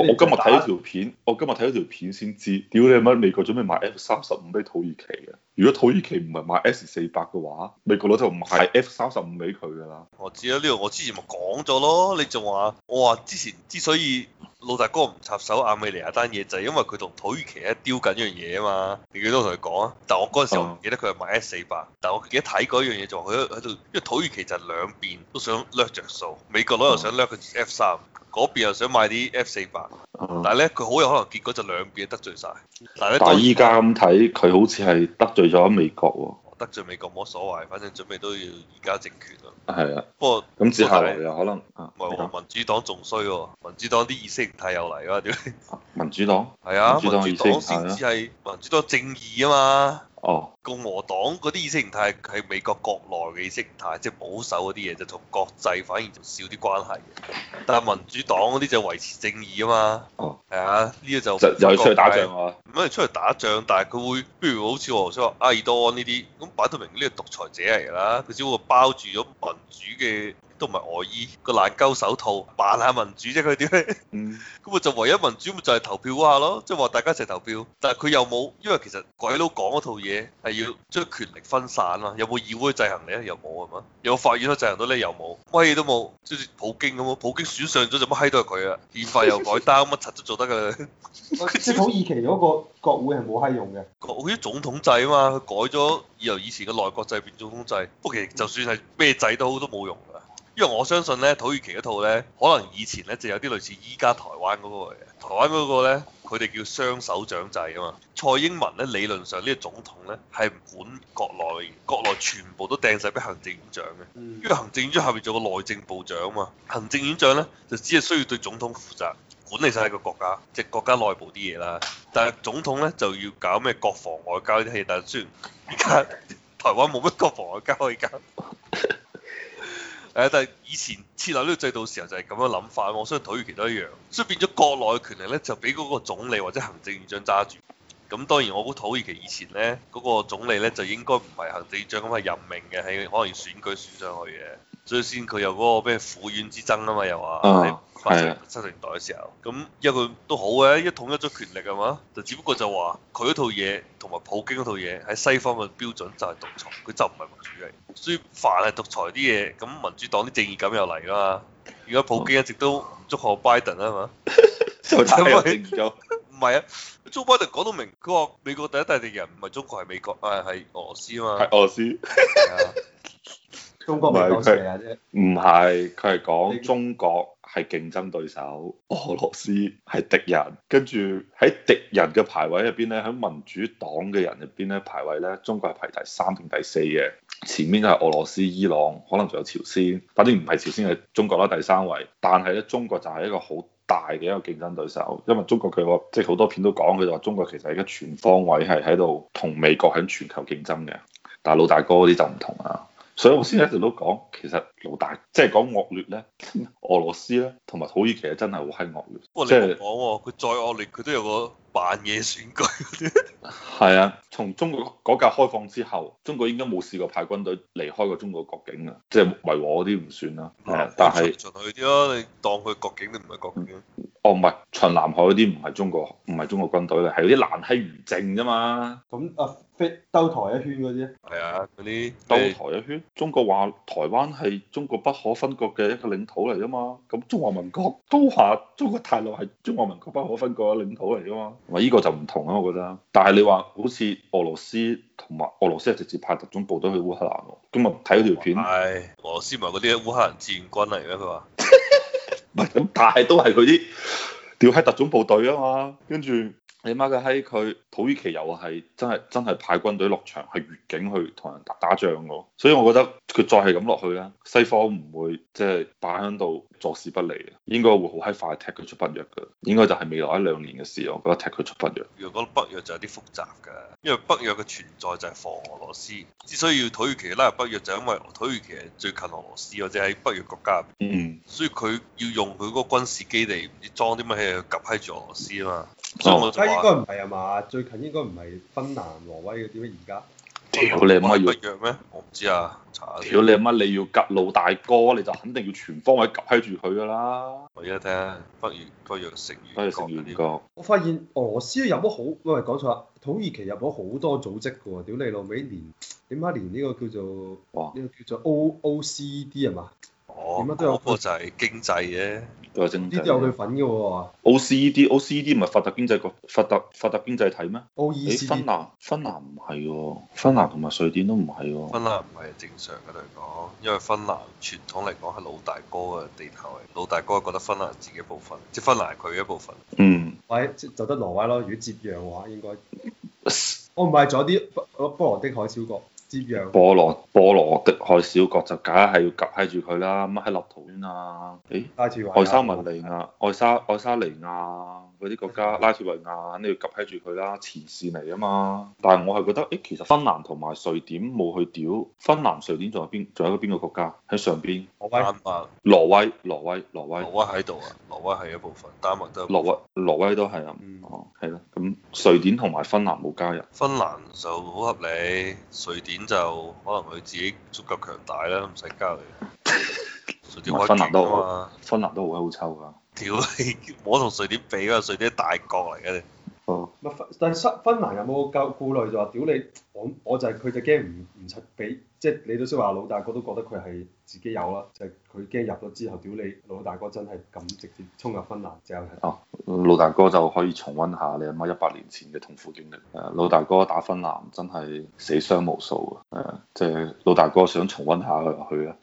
我今日睇咗條片，我今日睇咗條片先知，屌你乜？美國準備賣 F 三十五俾土耳其嘅，如果土耳其唔係買 S 四百嘅話，美國佬就唔係 F 三十五俾佢噶啦。我知啊，呢、這、度、個、我之前咪講咗咯，你仲話我話之前之所以老大哥唔插手亞美尼亞嗰單嘢，就係因為佢同土耳其喺掙緊一樣嘢啊嘛。你幾多同佢講啊？但我嗰陣時候唔記得佢係買 S 四百、嗯，但我記得睇過一樣嘢就話佢喺度，因為土耳其就兩邊都想掠着數，美國佬又想掠佢 F 三、嗯。嗰邊又想買啲 F 四百、嗯，但係咧佢好有可能結果就兩邊得罪晒。但係依家咁睇，佢好似係得罪咗美國喎。得罪美國冇乜所謂，反正準備都要而家政權啊。係啊，不過咁、嗯、過之後又可能唔係過說民主黨仲衰喎，民主黨啲意識唔太有嚟啊屌！民主黨係啊，民主黨意識係咯，民主黨，民主黨正義啊嘛。哦，共和黨嗰啲意識形態係美國國內嘅意識形態，即係保守嗰啲嘢，就同國際反而就少啲關係嘅。但係民主黨嗰啲就維持正義啊嘛。哦，係啊，呢個就就，就去出去打仗啊。唔係出去打仗，但係佢會譬如好似我所講，厄爾多安呢啲，咁擺到明呢個獨裁者嚟㗎喇，佢只不過包住咗民主嘅。都唔係外衣，個爛鳩手套，扮下民主啫佢點咧？咁咪、嗯、就唯一民主咪就係投票嗰下咯，即係話大家一齊投票。但係佢又冇，因為其實鬼佬講嗰套嘢係要將權力分散咯，有冇議會制衡你啊？又冇係嘛？有，有法院制有有都制衡到你又冇，乜嘢都冇。好似普京咁，普京選上咗就乜閪都係佢啊，憲法又改單，乜柒 都做得㗎。即係土耳其嗰個國會係冇閪用嘅。國會總統制啊嘛，佢改咗由以前嘅內閣制變總統制。不過其實就算係咩制都好，都冇用。因為我相信咧土耳其嗰套咧，可能以前咧就有啲類似依家台灣嗰個嘅。台灣嗰個咧，佢哋叫雙手掌制啊嘛。蔡英文咧理論上呢個總統咧係唔管國內，國內全部都掟晒俾行政院長嘅。因為行政院長下面做個內政部長啊嘛。行政院長咧就只係需要對總統負責，管理晒個國家，即係國家內部啲嘢啦。但係總統咧就要搞咩國防外交啲嘢，但係雖然而家台灣冇乜國防外交依家。係，但係以前設立呢個制度時候就係咁樣諗法，我相信土耳其都一樣，所以變咗國內嘅權力咧就俾嗰個總理或者行政院長揸住。咁當然我估土耳其以前咧嗰、嗰個總理咧就應該唔係行政長咁係任命嘅，係可能選舉選上去嘅。所以先佢有嗰個咩府院之爭啊嘛，又話。Uh huh. 七零年代嘅時候，咁因為佢都好嘅，一統一咗權力係嘛，就只不過就話佢套嘢同埋普京套嘢喺西，西方嘅標準就係獨裁，佢就唔係民主嘅，所以凡係獨裁啲嘢，咁民主黨啲正義感又嚟噶嘛？如果普京一直都唔祝賀拜登啊嘛，又產生正義感？唔係 啊，Joe Biden 講到明，佢話美國第一大敵人唔係中國，係美國，係係俄羅斯啊嘛，係俄羅斯。 唔係唔係，佢係講中國係競爭對手，俄羅斯係敵人。跟住喺敵人嘅排位入邊咧，喺民主黨嘅人入邊咧，排位咧，中國係排第三定第四嘅。前面就係俄羅斯、伊朗，可能仲有朝鮮，反正唔係朝鮮係中國啦，第三位。但係咧，中國就係一個好大嘅一個競爭對手，因為中國佢話，即係好多片都講佢就話，中國其實而家全方位係喺度同美國喺全球競爭嘅。但係老大哥嗰啲就唔同啦。所以我先一直都講，其實老大即係講惡劣咧，俄羅斯咧同埋土耳其真係好閪惡劣。即係講喎，佢、啊就是、再惡劣，佢都有個扮嘢選舉嗰啲。係啊，從中國改革開放之後，中國應該冇試過派軍隊離開過中國國境、就是、啊，即係維和嗰啲唔算啦。係、啊，但係。進去啲咯，你當佢國境定唔係國境？嗯哦，唔係，巡南海嗰啲唔係中國，唔係中國軍隊嘅，係嗰啲南閪漁政啫嘛。咁啊，兜台一圈嗰啲。係啊，嗰啲兜台一圈。中國話台灣係中國不可分割嘅一個領土嚟㗎嘛。咁中華民國都話中國大陸係中華民國不可分割嘅領土嚟㗎嘛。係呢、嗯，呢個就唔同啊，我覺得。但係你話好似俄羅斯同埋俄羅斯係直接派特種部隊去烏克蘭喎，咁啊睇條片。係、哎。俄羅斯咪嗰啲烏克蘭志願軍嚟嘅？佢話。咁，但係都係佢啲調，喺特種部隊啊嘛，跟住。起碼喺佢土耳其又係真係真係派軍隊落場，係越境去同人打打仗噶。所以，我覺得佢再係咁落去咧，西方唔會即係擺喺度坐視不理嘅，應該會好閪快踢佢出北約噶。應該就係未來一兩年嘅事，我覺得踢佢出北約。若果北約就有啲複雜噶，因為北約嘅存在就係防俄羅斯。之所以土耳其拉入北約，就因為土耳其最近俄羅斯，或者喺北約國家入面，嗯，所以佢要用佢嗰個軍事基地，唔知裝啲乜嘢去夾喺住俄羅斯啊嘛。所以應該唔係啊嘛，嗯、最近應該唔係芬蘭挪威嘅點解而家？屌你乜北約咩？我唔知啊，屌你乜你要格魯大哥，你就肯定要全方位夾喺住佢噶啦。我而家聽，不如北約成員，不完呢個。我發現俄羅斯都入咗好，多，係講錯啊，土耳其入咗好多組織嘅喎，屌你老尾連點解連呢個叫做哇呢個叫做 O O C D 啊嘛？哦，嗰個就係經濟嘅。呢啲有佢份嘅喎。O C E D O C E D 唔係發達經濟國、發達發達經濟體咩？哎，芬蘭芬蘭唔係喎，芬蘭同埋瑞典都唔係喎。芬蘭唔係正常嘅嚟講，因為芬蘭傳統嚟講係老大哥嘅地頭嚟，老大哥覺得芬蘭自己一部分，即芬蘭係佢一部分。嗯。喂，即就得挪威咯。如果接壤嘅話，應該 我唔係咗啲波波羅的海超國。波羅波羅的海小國就梗係要夾閪住佢啦，乜係立陶宛啊，誒、欸，愛沙文亞是的 尼亞，愛沙愛沙尼亞。嗰啲國家，拉脫維亞肯定要夾喺住佢啦，前線嚟啊嘛。但係我係覺得，誒、欸，其實芬蘭同埋瑞典冇去屌，芬蘭、瑞典仲有邊？仲有邊個國家喺上邊？挪威？挪麥威、挪威、挪威。挪威喺度啊！挪威係一部分，丹麥都。挪威、挪威都係啊，係咯、嗯。咁、哦、瑞典同埋芬蘭冇加入。芬蘭就好合理，瑞典就可能佢自己足夠強大啦，唔使加入。瑞典 芬蘭都好啊，芬蘭都好閪好抽㗎！屌、 嗯、你！我同瑞典比啊，瑞典大國嚟嘅。哦。唔但係芬芬蘭有冇夠顧慮？就話、是、屌你，我我就係佢就驚唔唔出畀，即係你都識話老大哥都覺得佢係自己有啦，就係佢驚入咗之後，屌你老大哥真係咁直接衝入芬蘭之後，就係哦。老大哥就可以重溫下你阿媽一百年前嘅痛苦經歷。誒，老大哥打芬蘭真係死傷無數啊。誒、嗯，即、就、係、是、老大哥想重溫下佢去啊。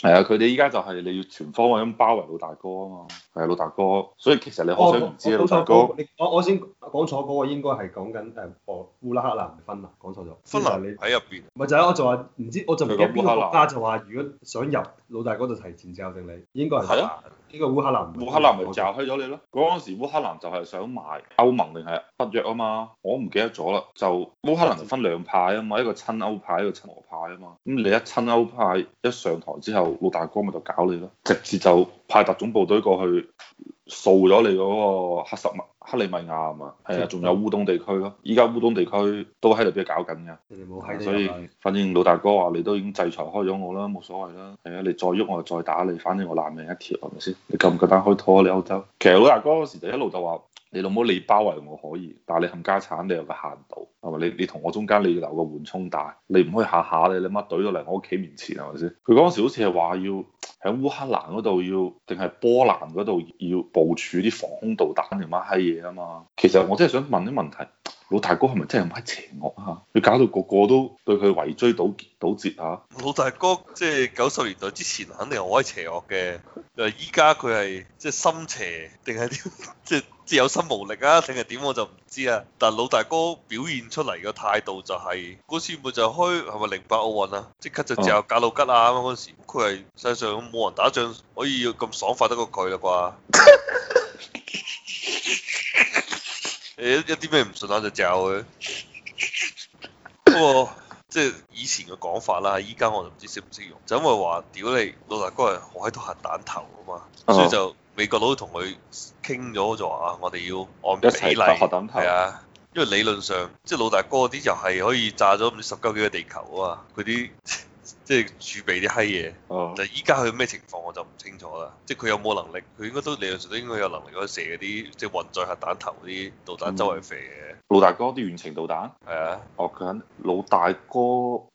係啊，佢哋依家就係你要全方位咁包圍老大哥啊嘛。係老大哥，所以其實你想我想唔知啊，老大哥。你我我先講錯嗰個應該係講緊誒俄烏克蘭分啊，講錯咗。分啊！你喺入邊？咪就係我就話唔知，我記得就唔知邊個國家就話如果想入老大哥就提前詐定你。應該係。係啊。應該烏克蘭。烏克蘭咪就開咗你咯？嗰陣時烏克蘭就係想賣歐盟定係北約啊嘛，我唔記得咗啦。就烏克蘭就分兩派啊嘛，一派，一個親歐派，一個親俄派啊嘛。咁你一親歐派一上台之後，老大哥咪就搞你咯，直接就派特種部隊過去。掃咗你嗰個黑十米克里米亞啊嘛，係啊，仲有烏東地區咯，啊，依家烏東地區都喺度俾佢搞緊嘅，所以反正老大哥話你都已經制裁開咗我啦，冇所謂啦，係啊，你再喐我就再打你，反正我爛命一條係咪先？你夠唔夠膽開拖，啊、你歐洲？其實老大哥嗰時就一路就話。你老母你包圍我可以，但係你冚家鏟，你有個限度，係咪？你你同我中間，你要留個緩衝帶，你唔可以下下你你乜懟到嚟我屋企面前，係咪先？佢陣時好似係話要喺烏克蘭嗰度要，定係波蘭嗰度要部署啲防空導彈定乜閪嘢啊嘛？其實我真係想問啲問題，老大哥係咪真係唔係邪惡啊？佢搞到個個都對佢圍追堵堵截，截啊！老大哥即係九十年代之前肯定好閪邪惡嘅，但係依家佢係即係心邪定係啲即係。自有心無力啊，定係點我就唔知啊。但老大哥表現出嚟嘅態度就係嗰時咪就開係咪零八奧運啊，即刻就嚼格魯吉啊咁，嗰時，佢係、哦、世上冇人打仗可以要咁爽快得過佢啦啩。誒 一啲咩唔順眼就嚼佢。不過即係以前嘅講法啦，啊，依家我就唔知識唔識用，就因為話屌你老大哥係喺度核彈頭啊嘛，哦、所以就。美國佬同佢傾咗，就話啊，我哋要按比例，係啊，因為理論上，即係老大哥啲就係可以炸咗唔知十九幾個地球啊，佢啲。即係儲備啲閪嘢，但係依家佢咩情況我就唔清楚啦。即係佢有冇能力，佢應該都理論上都應該有能力去射嗰啲即係運載核彈頭嗰啲導彈周圍飛嘅、嗯。老大哥啲遠程導彈？係啊。哦，佢老大哥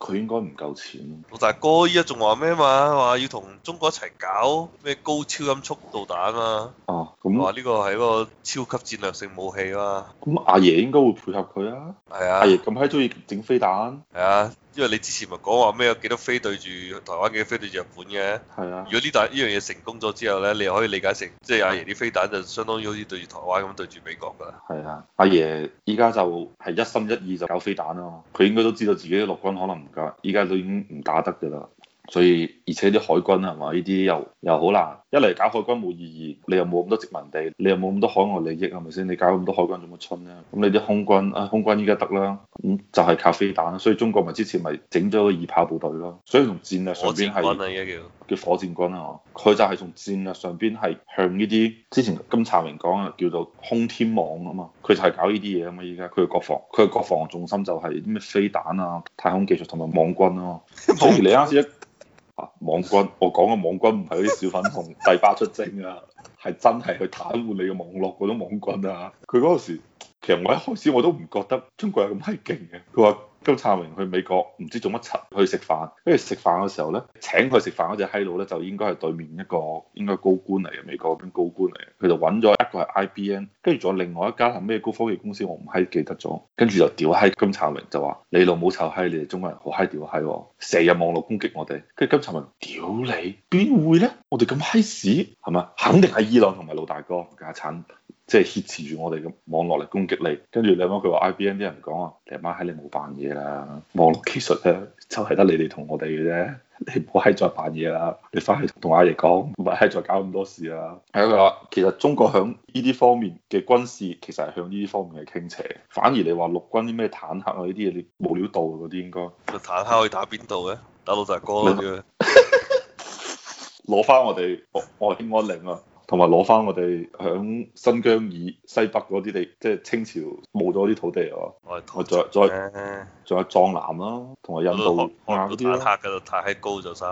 佢應該唔夠錢。老大哥依家仲話咩嘛？話要同中國一齊搞咩高超音速導彈啊嘛。啊，咁話呢個係一個超級戰略性武器啦、啊。咁阿、啊嗯嗯、爺，爺應該會配合佢啊。係、啊。阿爺咁閪鍾意整飛彈。係啊，啊，因為你之前咪講話咩有幾多飛？對住台灣嘅飛，對住日本嘅，係啊、如果呢彈呢樣嘢成功咗之後呢，你可以理解成即係、就是、阿爺啲飛彈就相當於好似對住台灣咁對住美國㗎。係啊，阿爺依家就係一心一意就搞飛彈咯。佢應該都知道自己陸軍可能唔夠，依家都已經唔打得㗎啦。所以而且啲海軍係嘛？呢啲又又好難，一嚟搞海軍冇意義，你又冇咁多殖民地，你又冇咁多海外利益係咪先？你搞咁多海軍做乜春呢？咁你啲空軍啊、哎，空軍依家得啦。咁就係靠飛彈咯，所以中國咪之前咪整咗個二炮部隊咯，所以從戰略上邊係、啊、叫火箭軍啊，佢就係從戰略上邊係向呢啲之前金查明講啊，叫做空天網啊嘛，佢就係搞呢啲嘢啊嘛而家，佢嘅國防，佢嘅國防重心就係咩飛彈啊、太空技術同埋網軍啊嘛，所以你啱先啊網軍，我講嘅網軍唔係嗰啲小粉紅帝吧出征啊，係真係去癱瘓你嘅網絡嗰種網軍啊，佢嗰時。其實我一開始我都唔覺得中國人咁閪勁嘅。佢話金燦榮去美國唔知做乜柒去食飯，跟住食飯嘅時候咧，請佢食飯嗰隻閪佬咧就應該係對面一個應該高官嚟嘅，美國嗰邊高官嚟嘅，佢就揾咗一個係 IBN，跟住仲有另外一家係咩高科技公司我唔閪記得咗，跟住就屌閪金燦榮就話你老母臭閪，你哋中國人好閪屌閪。成日網絡攻擊我哋，跟住今尋文屌你，邊會咧？我哋咁閪屎係嘛？肯定係伊朗同埋老大哥家陣，即係挾持住我哋嘅網絡嚟攻擊你。跟住你阿媽佢話，IBM 啲人講話，你阿媽喺你冇扮嘢啦，網絡技術咧、啊、就係、是、得你哋同我哋嘅啫。你唔好喺再扮嘢啦，你翻去同阿爺講，唔係喺再搞咁多事啦。係啊，其實中國響呢啲方面嘅軍事，其實係向呢啲方面係傾斜。反而你話陸軍啲咩坦克啊呢啲嘢，你冇料到嗰啲應該。坦克可以打邊度嘅？打老大哥攞翻 我哋外興安嶺啊，同埋攞翻我哋響新疆以西北嗰啲地，即係清朝冇咗啲土地啊。我再再。再再仲有藏南咯，同埋印度硬到坦克嗰度太高就散。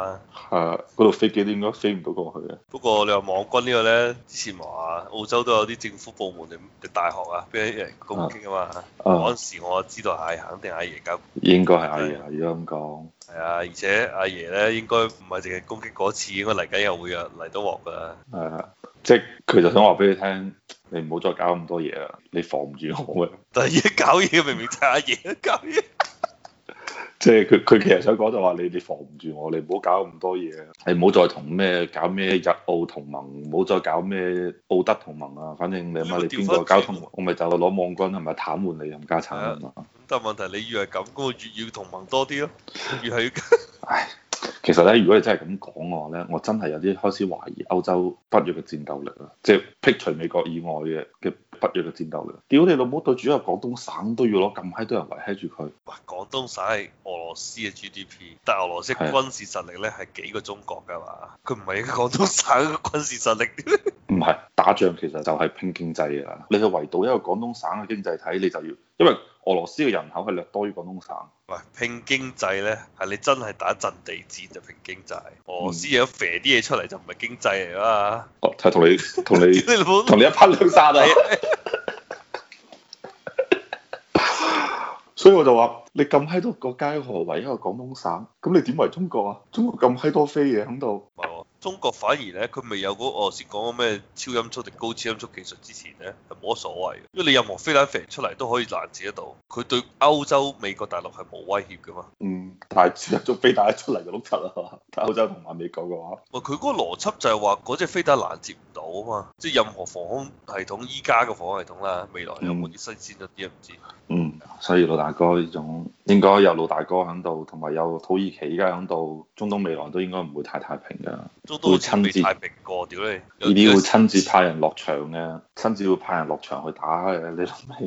係啊，嗰度、啊、飛機都應該飛唔到過去嘅、啊？不過你話網軍個呢個咧，之前話澳洲都有啲政府部門定大學啊，俾啲人攻擊啊嘛。嗰陣、啊、時我知道係肯定阿爺搞。應該係阿爺，如果咁講。係啊，而且阿爺咧應該唔係淨係攻擊嗰次，應該嚟緊又會又嚟到鑊㗎啦。係啊，即係佢就想話俾你聽，你唔好再搞咁多嘢啦，你防唔住我嘅。但係而家搞嘢，明明就係阿爺搞嘢。搞即係佢佢其實想講就話你哋防唔住我，你唔好搞咁多嘢啊！你唔好再同咩搞咩日澳同盟，唔好再搞咩澳德同盟啊！反正你諗下，你邊個搞同盟，我咪就攞網軍係咪癱瘓你蔣家產啊嘛！但係、那個、問題你以為係咁，我越要同盟多啲咯，越係要。 唉其實咧，如果你真係咁講嘅話咧，我真係有啲開始懷疑歐洲北約嘅戰鬥力啦，即係剔除美國以外嘅嘅北約嘅戰鬥力。屌你老母，對住一個廣東省都要攞咁閪多人圍喺住佢。哇，廣東省係俄羅斯嘅 GDP，但係俄羅斯軍事實力咧係幾個中國㗎嘛？佢唔係一個廣東省嘅軍事實力。唔係打仗，其實就係拼經濟啊！你去圍堵一個廣東省嘅經濟體，你就要，因為俄羅斯嘅人口係略多於廣東省。喂，拼經濟咧，係你真係打陣地戰就拼經濟。俄羅斯有肥啲嘢出嚟，就唔係經濟嚟啊！哦、啊，係同你同你同 你一匹兩沙地。 所以我就話，你咁喺多國家，何為一個廣東省？咁你點圍中國啊？中國咁喺多飛嘢響度。中國反而咧，佢未有嗰、嗰個先講嗰咩超音速定高超音速技術之前咧，係冇乜所謂嘅，因為你任何飛彈飛出嚟都可以攔截得到。佢對歐洲美國大陸係冇威脅嘅嘛。嗯，但係只係飛彈出嚟就碌柒啦。但歐洲同埋美國嘅話，喂，佢嗰個邏輯就係話嗰隻飛彈攔截唔到啊嘛，即係任何防空系統，依家嘅防空系統啦，未來有冇啲新鮮一啲啊唔知嗯。嗯，所以老大哥呢種應該有老大哥喺度，同埋有土耳其依家喺度，中東未來都應該唔會太太平嘅。會親自，呢啲要會親自派人落場嘅，親自會派人落場去打嘅，你諗起？